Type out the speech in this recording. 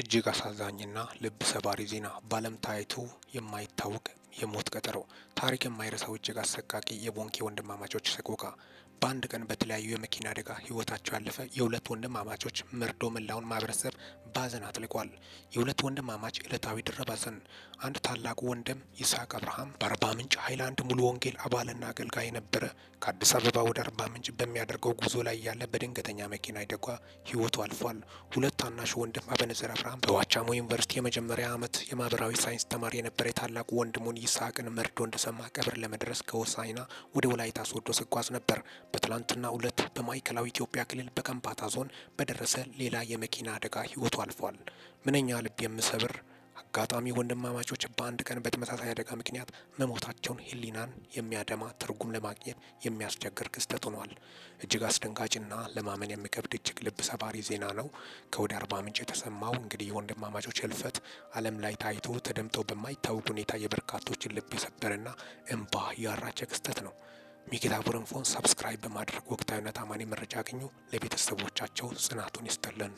እጅግ አሳዛኝና ልብ ሰባሪ ዜና በዓለም ታይቶ የማይታወቅ የሞት ቀጠሮ ታሪክ የማይረሳው እጅግ አሰቃቂ የቦንኬ ወንድማማቾች ሰቆቃ በአንድ ቀን በተለያዩ የመኪና አደጋ ህይወታቸው ያለፈ የሁለት ወንድማማቾች መርዶ መላውን ማህበረሰብ በሀዘን አጥልቋል። የሁለት ወንድማማች ዕለታዊ ድረባዘን አንድ ታላቁ ወንድም ይስሐቅ አብርሃም በአርባ ምንጭ ሀይላንድ ሙሉ ወንጌል አባልና አገልጋይ ነበረ። ከአዲስ አበባ ወደ አርባ ምንጭ በሚያደርገው ጉዞ ላይ ያለ በድንገተኛ መኪና አደጋ ህይወቱ አልፏል። ሁለት ታናሽ ወንድም አበነዘር አብርሃም በዋቻሞ ዩኒቨርሲቲ የመጀመሪያ ዓመት የማህበራዊ ሳይንስ ተማሪ የነበረ የታላቁ ወንድሙን ይስሐቅን መርዶ እንደሰማ ቀብር ለመድረስ ከወሳኝና ወደ ወላይታ ሶዶ ስጓዝ ነበር። በትላንትና ሁለት በማዕከላዊ ኢትዮጵያ ክልል በከምባታ ዞን በደረሰ ሌላ የመኪና አደጋ ህይወቱ አልፏል። ምንኛ ልብ የምሰብር አጋጣሚ ወንድማማቾች በአንድ ቀን በተመሳሳይ አደጋ ምክንያት መሞታቸውን ህሊናን የሚያደማ ትርጉም ለማግኘት የሚያስቸግር ክስተት ሆኗል። እጅግ አስደንጋጭና ለማመን የሚከብድ እጅግ ልብ ሰባሪ ዜና ነው ከወደ አርባ ምንጭ የተሰማው። እንግዲህ የወንድማማቾች ህልፈት ዓለም ላይ ታይቶ ተደምጦ በማይታወቅ ሁኔታ የበርካቶችን ልብ የሰበረና እንባ ያራጨ ክስተት ነው። ሚኪታ ቡረንፎን ሰብስክራይብ በማድረግ ወቅታዊና ታማኒ መረጃ አግኙ። ለቤተሰቦቻቸው ጽናቱን ይስጥልን።